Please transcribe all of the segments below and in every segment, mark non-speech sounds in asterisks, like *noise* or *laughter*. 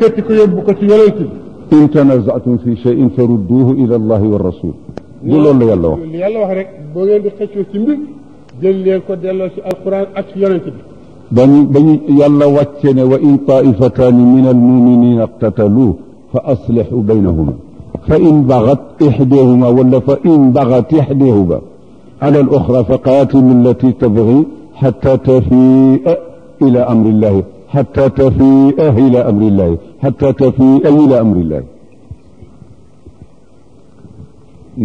كتك يبقى تيوليتي إن تنازعتم في شيء فردوه إلى الله والرسول قولوا الله يلا وحر يلا وحر بوين بخشو سمبي جل لينكو ديالله القرآن أتيوليتي بني بني يلا واتنا وإن طائفتان من المؤمنين اقتتلوه فأصلحوا بينهما فإن بغت إحداهما ولا فإن بغت إحداهما على الأخرى فقاتل التي تبغي حتى تفيء إلى أمر الله حتى تفيءه إلى أمر الله حتى تفيءه إلى أمر الله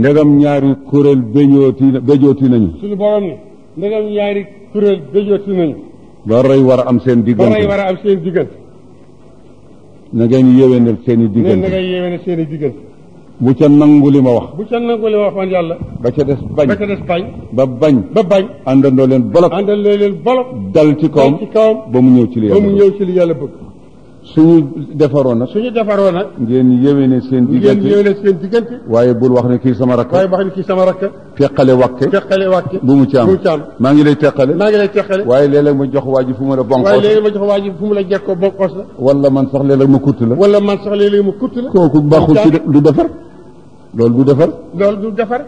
ndegam ñaari kuréel béjooti béjooti nañu. suñu borom ne ndegam ñaari kuréel béjooti nañu. ba rey war a am seen diggante ba rey war a am seen diggante. na ngeen yéwénal seen i diggante na ngeen yéwénal seen i diggante. bu ca nangu li ma wax. bu ca nangu li ma wax man yàlla. ba ca des bañ ba bañ. ba bañ. ba bañ. àndandoo leen bolok. àndandoo leen bolok. dal ci kawam dal ba mu ñëw ci li yàlla bëgg. suñu defaroon nag. suñu defaroon nag. ngeen yéwéne seen. diggante ngeen yéwéne seen diggante. waaye bul wax ne kii sama rakk. waaye wax ne kii sama rakk. teqale wàkke. teqale wàkke. bu mu ci am bu mu ci am. maa ngi lay teqale. maa ngi lay teqale. waaye léeg-léeg ma jox waa ji fu mu la bonkoos. waaye léeg-léeg ma jox waa ji fu mu la jekkoo bonkoos la. wala man sax léeg-léeg ma kutt la. wala man sax léeg-léeg ma kutt la. kooku baaxul ci du defar. loolu du defar. loolu du defar.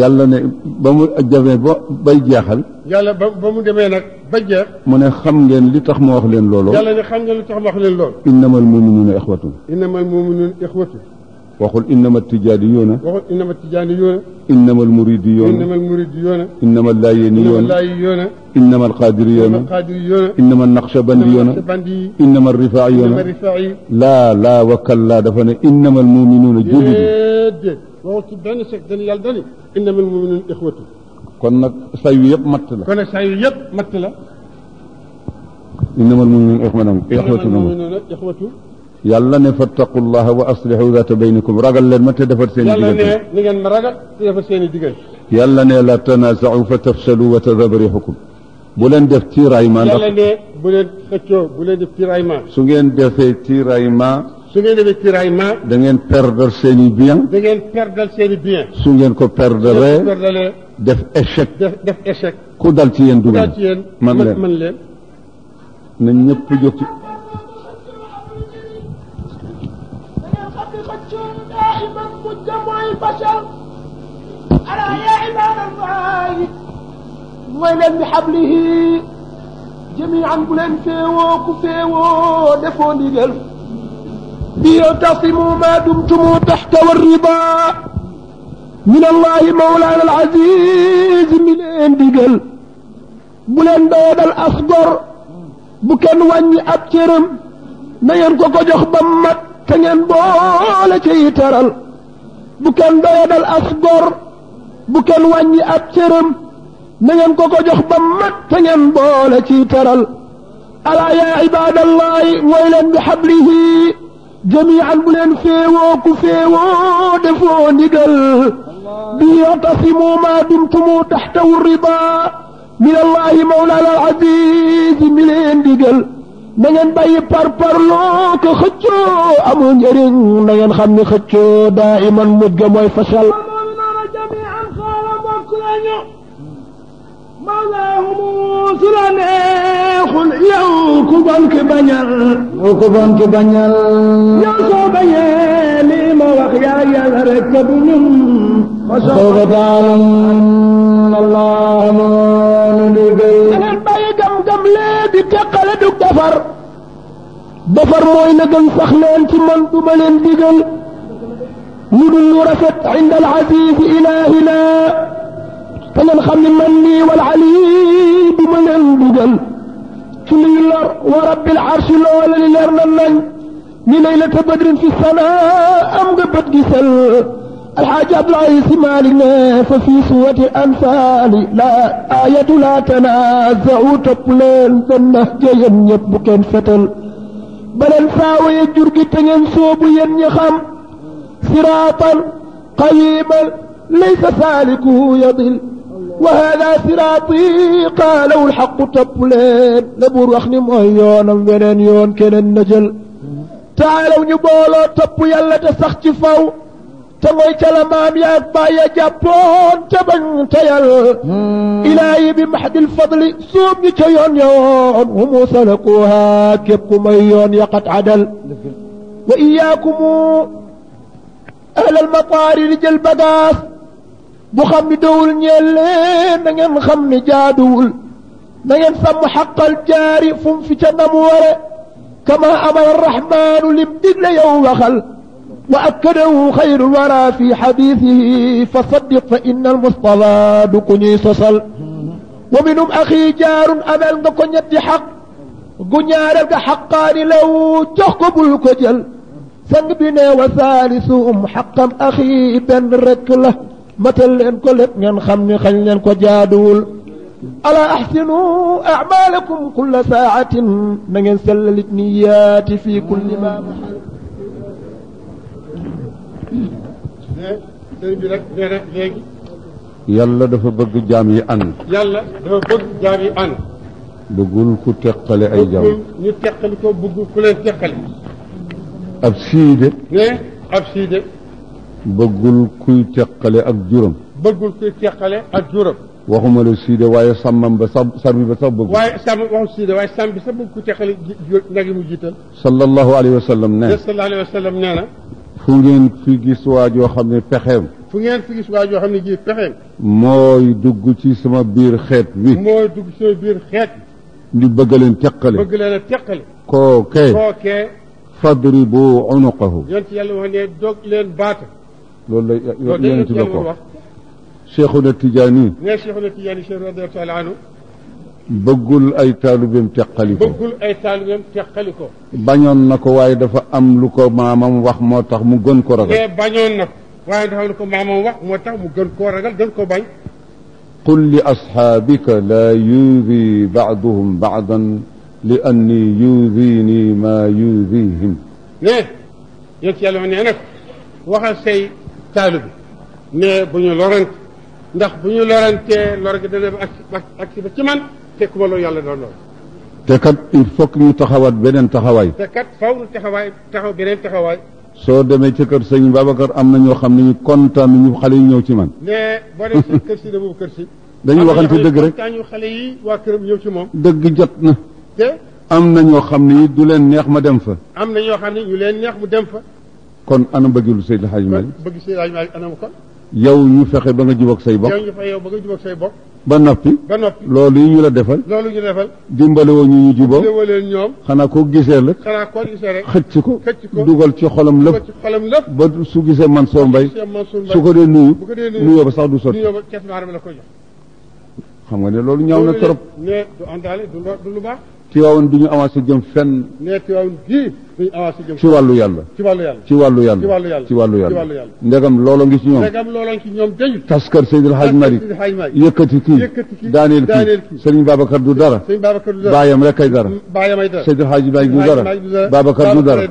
yàlla ne ba mu jafee ba bay jeexal. yàlla ba ba mu demee nag انما المؤمنون اخوه انما المؤمنون اخوه وقل انما التجاريون وقل انما التجاريون انما المريديون انما المريديون انما اللاينيون انما القادريون انما النقشبنديون انما الرفاعيون لا لا وكلا دفن انما المؤمنون جلد وقل بن سك دني انما المؤمنون اخوته kon nag sayu yëpp matt la kon nag sayu yëpp matt la innamal muminuuna ixwanam yaxwatu na yaxwatu yàlla ne fattaqullaha wa aslihu zata baynikum ragal leen ma te defar seen i digal yàlla ne ni ngeen ma ragal te defar seen i digal yàlla ne la tanaasaxu fa tafsalu wa tadhaba riixukum bu leen def tiiraayma ndax yàlla ne bu leen xëccoo bu leen def tiiraayma su ngeen defee tiiraayma su ngeen defee tiiraayma da ngeen perdre seen i bien da ngeen perdre seen i bien su ngeen ko perdre def échec. def def échec. ku dal ci yéen du man leen man leen. na ñëpp jóg ci. mooy leen bi xablihi jamian bu leen féewoo ku féewoo defoo ndigal. bi yow tasimu ma dumtumu taxta war riba من الله مولانا العزيز من اندقل بلن دود الاخضر بكن واني ابترم نين كوكو جخ بمت تنين بولة يترل بكن دود الاخضر بكن واني ابترم نين كوكو جخ بمت تنين بولة يترل ألا يا عباد الله ويلا بحبله جميعا بلن فيوكو فيو دفو نقل ليعتصموا ما دمتم تحت الرضا من الله مولانا العزيز من اندقل digal باي ngeen bàyyi لوك ko xëccoo amul njëriñ na دائما xam ni xëccoo daa iman mujj ga mooy يو كبان كبانيال يو كبان كبانيال يا صوبيا لما وخيا يا ركب وسوف تعلمون الله moonu liggéey yeneen bàyyi gam-gam lee di teqale du defar defar mooy na gën sax leen ci man du ma leen digal lu dul lu rafet عند العزيز إلهنا te ngeen xam ne man nii wal ali du ma leen digal ci luy lor wa rabbil arshi loola li leer na nañ ni lay la ta badrin fi sana am nga bët gisal الحاج عبد العزيز مالك ففي سورة الأنفال لا آية لا تنازعوا تبلين فنه جيم يبكن فتل بل فاو يجر جتن سوب ين يخم صراطا قيما ليس سالكه يضل وهذا صراطي قالوا الحق تبلين لبور أخني مهيانا بنين يون كنن نجل تعالوا نبولو تبو يلا تسخت فاو تموي تلمام يا با يا جابون تبن تيال الهي بمحد الفضل صوم يكيون يون هم سلقوها كبكم يون يقت عدل واياكم اهل المطار رجل بقاس بخم دول نيلين نغن خم جادول نغن سم حق الجاري فم في كما امر الرحمن لابدل يوم خلق وأكده خير الورى في حديثه فصدق فإن المصطفى دكني سصل ومنهم أخي جار أبل دكني حق غنيار الدحقان لو تحكم الكجل سنبنا وثالثهم حقا أخي بن ركله متل إن كلت نين خمني خلين كجادول ألا أحسنوا أعمالكم كل ساعة من سللت نياتي في كل ما محل sëriñ bi nag nee na léegi. yàlla dafa bëgg jaam yi ànd. yàlla dafa bëgg jaam yi ànd. bëggul ku teqale ay jaam bëggul ñu teqali ko bëggul ku leen teqali. ab siide. ne ab siide. bëggul kuy teqale ak juróom. bëggul kuy teqale ak juróom. waxuma la siide waaye sàmmam ba sax sàmm bi sax bëgg. waaye sàmm waxu siide waaye sàmm bi sax bëgg ku teqale nag yi mu jiital. sallallahu alayhi wa sallam nee na sallallahu alayhi wa sallam nee na. فنجان في جسوا جو خمني فخم فنجان في جسوا جو خمني جي فخم موي دوغو سما بير خيت وي موي دوغ بير خيت ني بغالين تيقال بغالين تيقال كوكي كوكي فضربوا عنقه يلا يلا وني دوغ لين بات لول لا يونتي شيخنا التجاني يا شيخنا التجاني شيخ رضي الله تعالى عنه bëggul ay taalibeem teqaliko bëggul ay taalibeem teqaliko bañoon na ko waaye dafa am lu ko maamam wax moo tax mu gën ko ragal. Eh, bañoon na ko waaye am lu ko wax moo tax mu gën koo ragal gën koo bañ. qul li asxaabika laa yuudi baaduhum baadan li anni yuudini maa yuudihim. mais yéen ci yàlla ma nee nag waxal say taalibe bu ndax bu ñu lorantee lor ba ci te ku wàllu yàlla doon noonu. te kat il faut que ñu taxawaat beneen taxawaay. te kat faaw ñu taxawaay taxaw beneen taxawaay. soo demee ci kër sëñ Babacar am na ñoo xam ne ñu kontaan ñu xale yi ñëw ci man. mais boo demee seen kër si ne boobu kër si. dañu waxante dëgg rek am na ñoo xam ne kontaan ñu xale yi waa këram ñëw ci moom. dëgg jot na. te am ñoo xam du leen neex ma dem fa. am ñoo xam ñu leen neex mu dem fa. kon ana bëggul Seydi Hadji Malick. bëgg Seydi Hadji Malick anam kon. yow ñu fexe ba nga jubóog say bokk. yow ñu fexe yow ba nga jubóog say bokk. ba noppi ba noppi loolu yi ñu la defal loolu ñu defal dimbale woo ñu ñu juboo dimbale leen ñoom xanaa koo gisee rek xanaa koo gisee rek xëcc ko dugal ci xolam lépp xolam lépp ba su gisee Mansour Mbaye su ko dee nuyu nuyoo ba sax du sotti xam nga ne loolu ñaaw na trop ne du àndaale du lu baax Tiwaawan du ñu avancé jëm fenn ne Tiwaawan ci wàllu yàlla ci wàllu yàlla ci wàllu yàlla ci wàllu yàlla ndegam loola ngi ci ñoom ndegam loola ngi ci ñoom dañu taskar Seydil Hadj Malick yëkkati kii daaneel kii Serigne Babacar du dara baayam rek ay dara Seydil Hadj Malick du dara Babacar du dara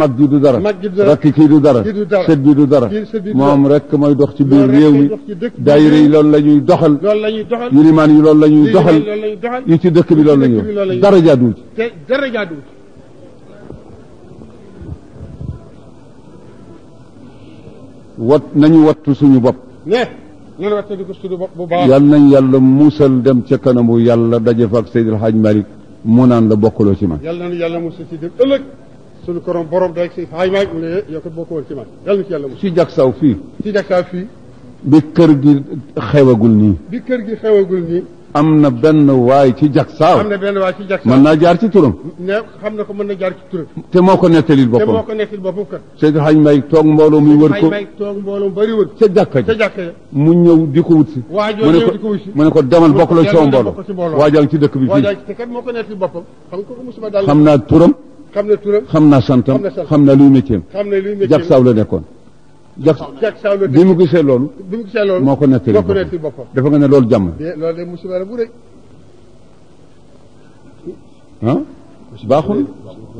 mag ji du dara rakk kii du dara sët bi du dara moom rek mooy dox ci biir réew mi daayira yi loolu la ñuy doxal yilimaan yi loolu la ñuy doxal yi ci dëkk bi loolu la ñuy dara jaaduwul wat nañu wattu suñu bopp. ne ñu wattandiku suñu bopp bu baax. nañ yàlla musal dem ca kanamu yàlla daje fa ak Seydil Hadj Malick mu naan la bokkaloo ci man. yal nañu yàlla musal ci dem ëllëg suñu korom borom day si Hadj Malick mu ne yow kat bokkoon ci man yal na ci yàlla musal. si Jaksaw fii. si Jaksaw fii. bi kër gi xewagul nii. bi kër gi xewagul nii. am na benn waay ci jag saaw am na benn waay ci jag saaw naa jaar ci turam. ne xam na ko mën na jaar ci te moo ko nettalil boppam te moo ko nettalil boppam kat. Seydou Xañ May toog mbooloo mi wër ko Seydou Xañ May toog mbooloo bari wër. ca mu ñëw di ko wut si. waajoo ñëw mu ne ko demal bokk la ci sama mbooloo. waajal ci dëkk bi fii waajal te kat moo naa turam. xam na turam xam naa santam xam na luy métier am. xam na luy métier am nekkoon Jack Sow bi mu gisee loolu. bi mu gisee loolu moo ko nettali boppam dafa nga ne loolu jàmm. loolu de musiba la bu rëy. ah baaxul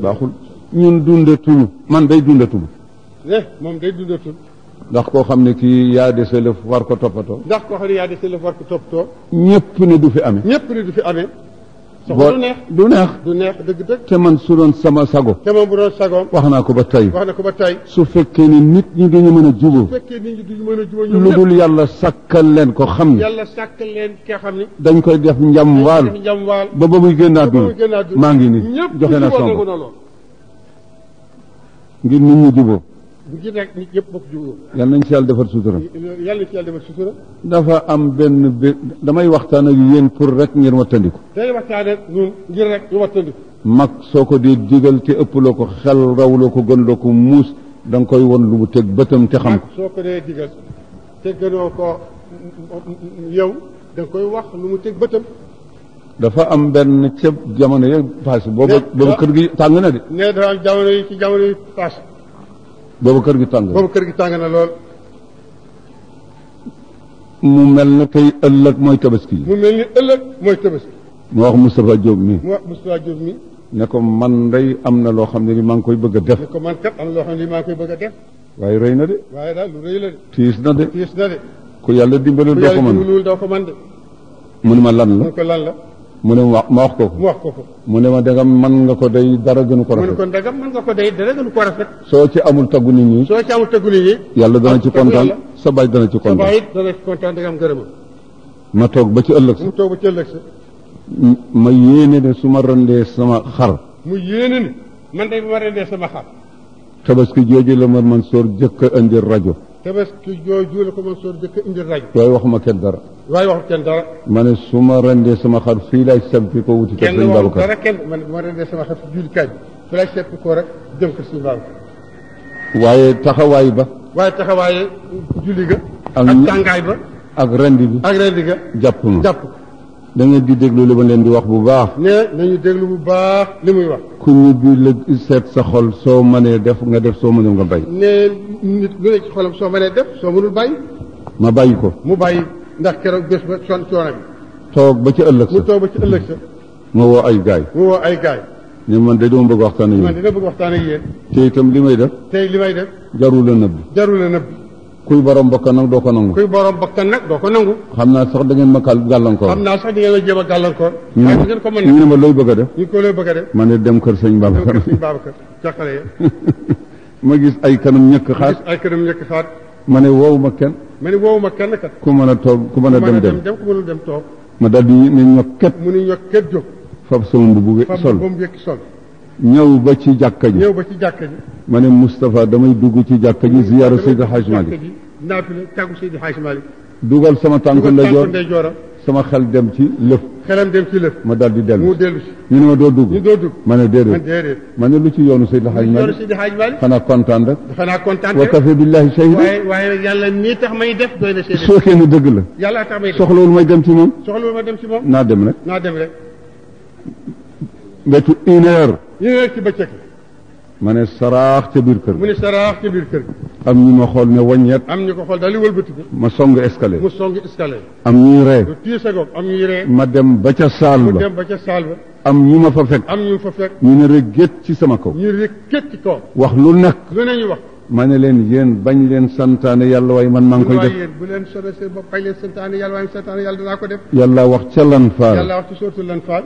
baaxul ñun dundatul man day dundatul. eh moom day ndax koo xam ne kii yaa dese lëf war ko toppatoo. ndax koo xam ne yaa ñëpp ne du fi amee. ñëpp ne du fi amee. boo du neex du neex dëgg dëgg te man su doon sama sago te man wax naa ko ba tey wax na ko ba tey su fekkee ni nit ñi a jubóo su fekkee nit ñi duñu mën a jubóo lu dul yàlla sàkkal leen ko xam ni yàlla sàkkal leen ki xam dañ koy def njam waal ba ba muy génn àdduna maa ngi nii joxe na sama ngir nit ñi jubóo bu ci nekk nit yëpp bokk jublu. yal nañ ci yàlla defar sutura. yal nañ ci yàlla defar sutura. dafa am benn bi damay waxtaan ak yéen pour rek ngeen wattandiku. day waxtaan ak ñun ngir rek ñu wattandiku. mag soo ko dee digal te ëppaloo ko xel rawloo ko gënloo ko muus da nga koy won lu mu teg bëtam te xam ko. soo ko dee digal te gënoo ko yow da nga koy wax lu mu teg bëtam. dafa am benn ca jamono yi paase. boobu kër gi tàng na de. nee dafa am jamono yi ci jamono yi paase. boobu kër gi tàng. boobu kër gi tàng na lool. mu mel na kay ëllëg mooy tabaski. mu mel ni ëllëg mooy tabaski. mu wax Moustapha Diop mi mu wax Moustapha ne ko man day am na loo xam ne ni maa ngi koy bëgg a def. ko man kat am bëgg a waaye rëy na de. waaye daal lu rëy tiis na de. yàlla dimbalul doo ko mën ku yàlla dimbalul doo mën mu ne ma lan la lan la. mu ne ma ma wax ko wax ko ko. mu ne ma dagam mën nga ko day dara gënu ko rafet. mu ne ko dagam mën nga soo ci amul taggu nit ñi. soo ci amul taggu nit ñi. yàlla dana ci kontaan sa baay dana ci kontaan. sa baay am gërëm. ma toog ba ci ëllëg sa. mu toog ba ci ëllëg sa. ma yéene ne su ma rendee sama xar. mu yéene ne man de ma rendee sama xar. tabaski jooju la ma man soor jëkk a indil rajo. tabaski jooju la ko man soor jëkk a indil rajo. waaye waxuma kenn dara. waaye waxul kenn ma ne su ma rendee sama xar fii laay seppi ko wuti. kenn waxul dara kenn man bu ma rendee sama xar fii jullikaay bi fii laay seppi ko rek jëm ko suñu Babacar. taxawaay ba. waaye taxawaay julli ga. ak tàngaay ba. ak rendi bi ak rendi ga. jàpp na jàpp. da ngeen di déglu li ma leen di wax bu baax. ne nañu déglu bu baax li muy wax. ku ñu la seet sa xol soo mënee def nga def soo mënul nga bàyyi. ne nit lu ne ci xolam soo mënee def soo mënul bàyyi. ma bàyyi ko mu bàyyi. ndax keroog bés ba coon coono bi. toog ba ci ëllëg sa mu toog ba ci ëllëg sa. mu woo ay gaay mu woo ay gaay ne man de dama bëgg waxtaan ak yéen man de dama li may def. tey li may def. jarul la nëbb. jarul la nëbb. kuy borom bakkan nag doo ko nangu. kuy borom bakkan nag doo ko nangu. xam naa sax da ngeen ma kàll gàllankoor. xam naa sax da ma ma looy bëgg def. a def. man de kër sëñ Babacar. dem kër sëñ Babacar jàqale *laughs* ma gis ay kanam ñëkk xaat. ma ay kanam ñëkk xaat. ma ne woowu ma kenn. ma ne woowuma kenn kat. ku mën a toog ku mën a dem dem ku mën a dem toog. ma daal di ne ñokket. mu ne ñokket jóg. fab sama mbubu sol fab mu sol. ñëw ba ci jàkka ji ñëw ba ci jàkka ji. ma ne Moustapha damay dugg ci jàkka ji ziyaara Seydi Hajj Malick. naafila tàggu Seydi Hajj Malik dugal sama tànk ndeyjoor sama xel dem ci lëf. xelam dem ci lëf. ma daal di dellu mu dellu si. ñu ne ma doo dugg ñu doo dugg. ma ne déedéet man déedéet. ma ne lu ci yoonu Seydi Hadj Malick. yoonu Seydi Hadj Malick. xanaa kontaan rek. xanaa kontaan rek wa kafe billahi shahida. waaye waaye yàlla nii tax may def doy na seede. soo kenn dëgg la. yàlla tax may def soxlawul may dem ci moom. soxlawul may dem ci moom. naa dem rek. naa dem rek. wetu une heure. une heure ci bëccëg. ma ne saraax ca biir kër mu ne saraax ca biir kër am ñu ma xool ne waññeet am ñu ko xool daal di wëlbatiku ma song escalier mu song escalier am ñuy ree dem ba ca saal ba am ñu ma fa fekk am ñu fa fekk ñu ne rëgget ci sama kow ñu rëgget ci kaw wax lu nekk lu ne ma ne leen yéen bañ leen santaane yàlla waaye man maa ngi koy def bu leen soobee seen def yàlla wax ca lan faal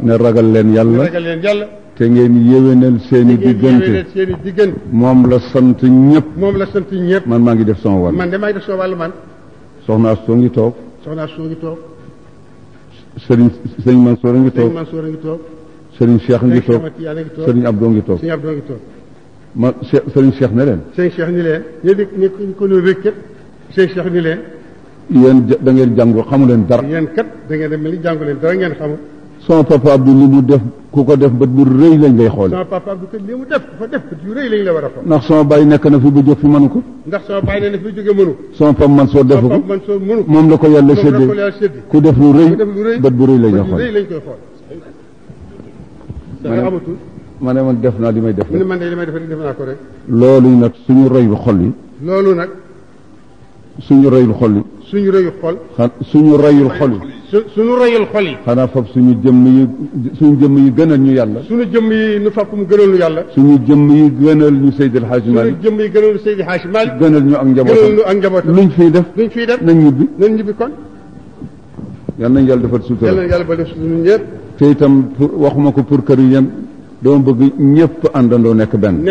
ne ragal leen yàlla te ngeen yéwénal seen i diggante seen i diggante moom la sant ñëpp moom la sant ñëpp man maa ngi def sama wàll man de maa def sama wàll man soxna Astou ngi toog soxna Astou ngi toog sëriñ sëriñ Mansour a ngi toog sëriñ Mansour a ngi toog sëriñ Cheikh ngi toog sëriñ Abdou ngi toog sëriñ Abdou ngi toog ma sëriñ Cheikh ne leen sëriñ Cheikh ni leen ñi ni ko ñu rëkk sëriñ Cheikh ni leen yéen da ngeen jàngu xamu leen dara yéen kat da ngeen mel ni jàngu leen dara ngeen xamul sama papa Abdou li mu def ku ko def bët bu rëy lañ lay xoole sama papa Abdou li mu def ku ko def bët yu rëy lañ la war a xool ndax sama bàyyi nekk na fi ba jóg fi mënu ko ndax sama bàyyi nekk na fi jóge mënu sama papa Mansour def ko moom la ko yàlla séddee ku def lu rëy bët bu rëy lañ la xool ma ne man def naa li may def man de li may def def naa ko rek loolu nag suñu rëyu xol yi loolu nag suñu rëyul xol yi suñu rëyul xol suñu rëyul xol yi su suñu rëyul xol yi xanaa fab suñu jëmm yi suñu jëmm yi gënal ñu yàlla suñu jëm yi nu fab mu gënal ñu yàlla suñu jëmm yi gënal ñu Seydi El Hadji Malick suñu jëmm yi gënal ñu Seydi El Hadji Malick gënal ñu ak njabootam gënal ñu ak njabootam luñ fiy def luñ fiy def na ñibbi nañ ñibbi kon yal nañ yàlla defal sutura yal nañ yàlla ba def suñu ñëpp te itam pour waxuma ko pour kër yi yem dama bëgg ñëpp àndandoo nekk benn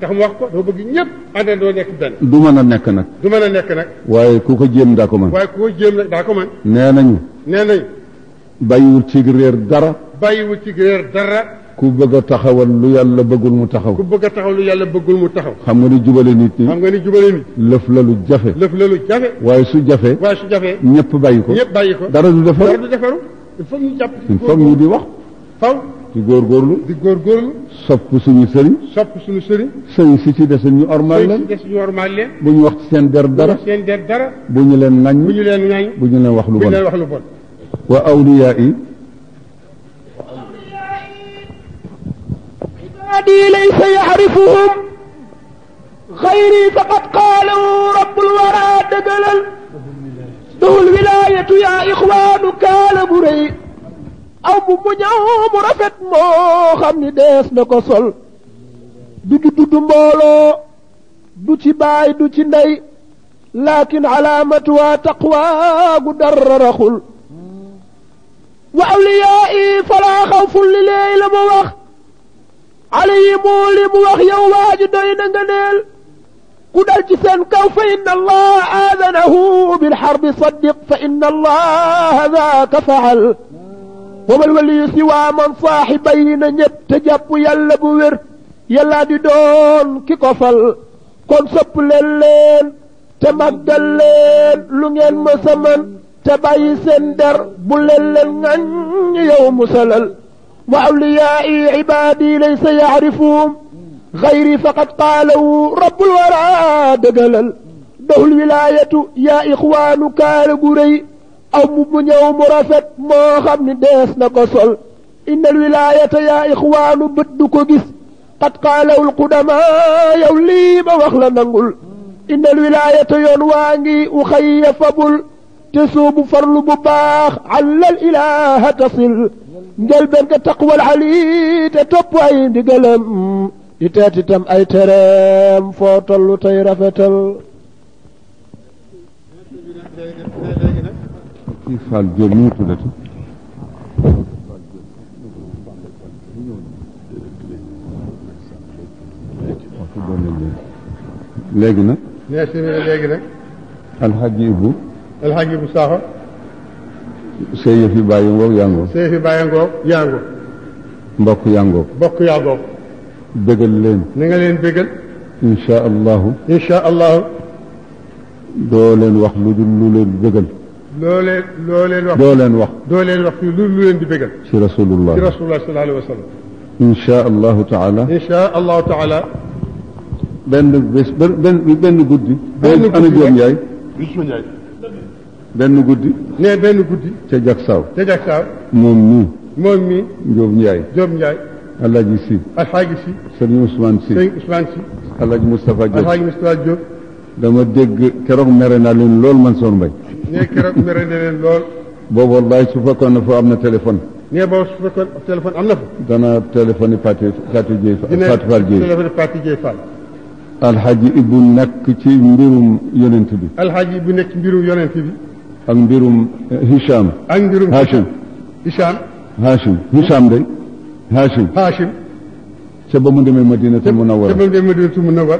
tax mu wax ko doo bëgg ñëpp àndandoo nekk benn. a nekk nag. du mën a nekk nag. waaye ku ko jéem daa ko mën. waaye ko jéem nag daa ko mën. nee nañu. nee nañu. bàyyiwul ci réer dara. bàyyiwul ci réer dara. ku bëgg a taxawal lu yàlla bëggul mu taxaw. ku bëgg a taxaw lu yàlla bëggul mu taxaw. xam nga ni jubale nit ñi. nga ni jubale nit. lëf la lu jafe. lëf la lu jafe. waaye su jafe. waaye su jafe. ñëpp bàyyi ko. ñëpp bàyyi ko. dara du defaru dara il faut ñu jàpp. il faut faw di gor góorgóorlu di gor góorgóorlu sopp suñu sëriñ sopp suñu sëriñ sëriñ si ci dess ñu ormal leen dess ñu ormal leen bu ñu wax ci seen der dara seen der dara bu ñu leen ngañ bu ñu leen ngañ bu ñu leen wax lu bon bu ñu wax lu bon wa awliya'i عبادي ليس يعرفهم غيري فقد قالوا رب الورى دجلل له الولاية يا إخوان كالبريد aw mbubb mu ñaw mu rafet moo xam ni dees na ko sol du ju tudd mbooloo du ci baay du ci ndey laakin alaamatuwaa taqwaa gu dara raxul wa awliyaa falaa xawfun li leey la ma wax alayhimu li mu wax yow waaji doy na nga neel ku dal ci seen kaw fa inna allah aadanahu bilxarbi saddiq fa inna allah daaka faal هو ولي سوى من صاحبين نيب تجاب يالا بوير يالا دي دون كي كفال كون سب لين تمغدل لين لونين مسمن تباي سندر بولين لين نان يوم سلل وأولياء عبادي ليس يعرفهم غيري فقد قالوا رب الورى دقلل ده الولاية يا إخوان كالقري أم من يوم رفت ما خم ندس نقصل إن الولاية يا إخوان بدك جس قد قالوا القدماء يولي ما وخلا نقول إن الولاية ينواني أخي فبل تسوب فرل بباخ على الإله تصل قلبا تقوى العلي تتب عين قلم تتتم أي ترام فوطل تيرفتل shall give you to the léegi nag. nee simili léegi nag. alxaji Ibu. alxaji Ibu Sakho. sa yëf yi bàyyi ngoog yaa ngoog. sa yëf yi bàyyi ngoog yaa ngoog. nga leen bégal. incha allahu. incha allahu. wax lu dul lu leen bégal loo leen loo leen wax loo leen wax doo leen wax lu lu leen di bégal ci rasulullah ci rasulullah sallallahu alayhi wa sallam inchaa allahu taala inchaa allahu taala benn bés benn benn guddi benn ana joom yaay Isma Ndiaye benn guddi ne benn guddi ca Jaksaaw ca Jaksaaw moom mii moom mii Njóob Ndiaye Njóob Ndiaye Alaaji Si Alaaji Si Sëriñ Ousmane Si Sëriñ Ousmane Si Alaaji Moustapha Diop Alaaji Moustapha Diop dama dégg keroog mere naa leen lool man soon mbay nee keroog mere na lool. boobu wallaay su fekkoon ne foo am na téléphone. nee boobu su fekkoon téléphone am na dana téléphone Pati Pati Dieye Fatou Fall Dieye. téléphone Pati ci mbirum yonent bi. alxaaji Ibu nekk ci mbirum yonent bi. ak mbirum eh, Hicham. ak mbirum Hachim. Hicham. Hachim Hicham de Hachim. Hachim. ca mu demee Madinatul Munawwar. mu demee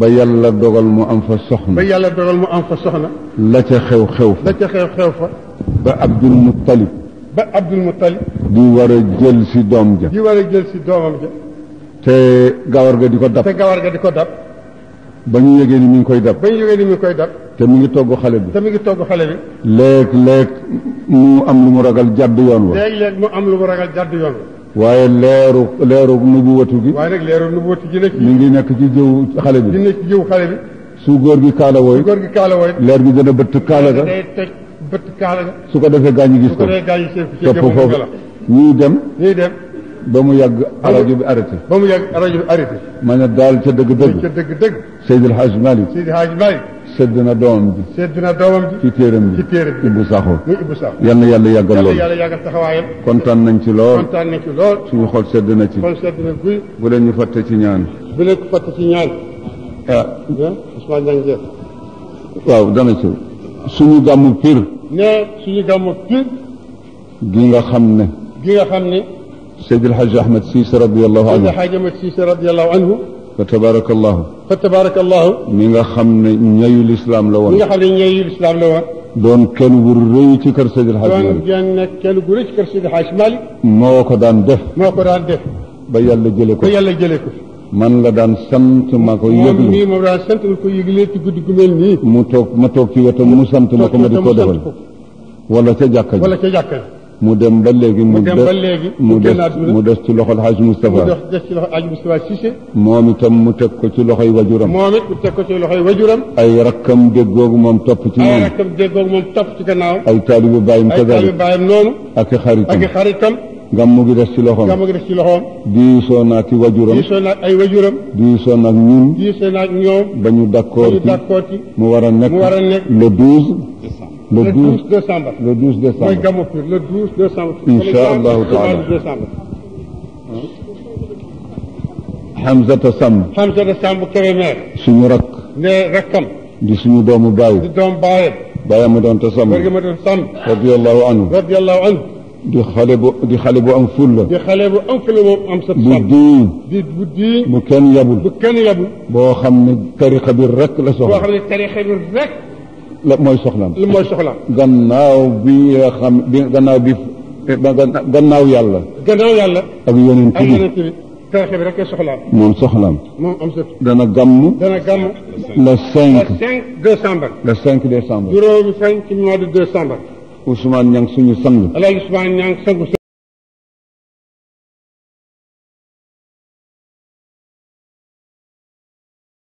ba yàlla dogal mu am fa soxna. ba yàlla dogal mu am soxna. la ca xew xew fa. la xew xew fa. ba Abdul Muttalib. ba Abdul Muttalib. di war a jël si doom ja. war jël si doomam te gawar ga di ko dab. te gawar ga di ko dab. ba ñu yëgee ni mi ngi koy dab. ba koy dab. te mu ngi togg xale bi. te mi xale bi. léeg mu am lu mu ragal jàdd yoon wa. léeg-léeg mu am lu mu ragal jàdd yoon wa. waaye leeru leeru nubuwatu gi. waaye nag leeru nubuwatu gi nag. mi ngi nekk ci jëw xale bi. mi ngi nekk ci jëw su góor gi kaala wooy. su góor gi kaala wooy. leer gi gën bëtt kaala ga. day su ko defee gaañ gis ko. su ko defee gaañ gis ko topp dem. ñuy dem. ba mu yàgg rajo bi arrêté. ba mu yàgg rajo bi arrêté. ma ne daal ca dëgg dëgg. ca dëgg dëgg. sedd na doomam ji. sedd na doomam ji. ci téeram bi ci téeram bi Ibou Sakho. muy Ibou Sakho yal na yàlla yàggal lool yàlla yàggal taxawaayam. kontaan nañ ci lool kontaan nañ ci lool. suñu xol sedd na ci. xol sedd na guy. bu leen ñu fàtte ci ñaan. bu leen ko fàtte ci ñaan. ah. Ousmane Niang Dieng. waaw dana ci suñu gàmmu pir. nee suñu gàmmu pir. gi nga xam ne. gi nga xam ne. Seydil Hadj Ahmed Cissé radiyallahu anhu. Seydil Hadj Ahmed Cissé radiyallahu anhu. fa tabarakallahu fa tabarakallahu mi nga xam ne ñayu lislaam la woon mi nga xam ne ñayu lislaam la woon doon kenn wu rëy ci kër Seydil Hadj Malick doon kenn gu rëy ci kër Seydil Hadj Malick moo ko daan def moo ko daan def ba yàlla jële ko ba yàlla jële ko man la daan sant ma ko yëgle nii moom daan sant ma ko yëgle ci guddi gu mel nii mu toog ma toog ci wetam mu sant ma ko ma di ko defal wala ca jàkka wala ca jàkka mu dem ba léegi mu dem ba léegi mu des mu des ci loxol Hadj Moustapha mu des ci loxol Hadj Moustapha Cissé moom itam mu teg ko ci loxoy wajuram moom it mu teg ko ci loxoy wajuram ay rakkam déggoogu moom topp ci moom ay rakkam déggoogu moom topp ci gannaaw ay taalibu bàyyim ay taalibu bàyyim noonu ak i xaritam ak i xaritam gàmmu gi des ci loxoom gàmmu gi des ci loxoom diisoo naa ci wajuram diisoo naa ay wajuram diisoo naa ñun diisoo naa ñoom ba ñu d'accord ba ñu d'accord ci mu war a nekk mu war a nekk le douze décembre le 12 décembre. Le 12 décembre. le 12 décembre. Inch'Allah. Le 12 décembre. حمزة سم حمزة سم كريمير سنو رك ني ركم دي سنو دوم باي دي دوم باي باي مدون تسام رضي الله عنه رضي الله عنه دي خالبو دي خالبو ام فول دي خالبو ام فول ام سب بودي بودي مكان يابو مكان يابو بو خامني تاريخ بالرك لا سو بو تاريخ بالرك la mooy soxlaam. li mooy soxlaam. gannaaw bi nga xam bi gannaaw bi gannaaw yàlla. gannaaw yàlla. ak yeneen kii bi ak yeneen taraxe bi rek soxlaam. moom soxlaam. moom am sa. dana gàmm. dana gàmm. le cinq. le cinq décembre. le cinq décembre. juróomi fan ci mois de Niang suñu sangu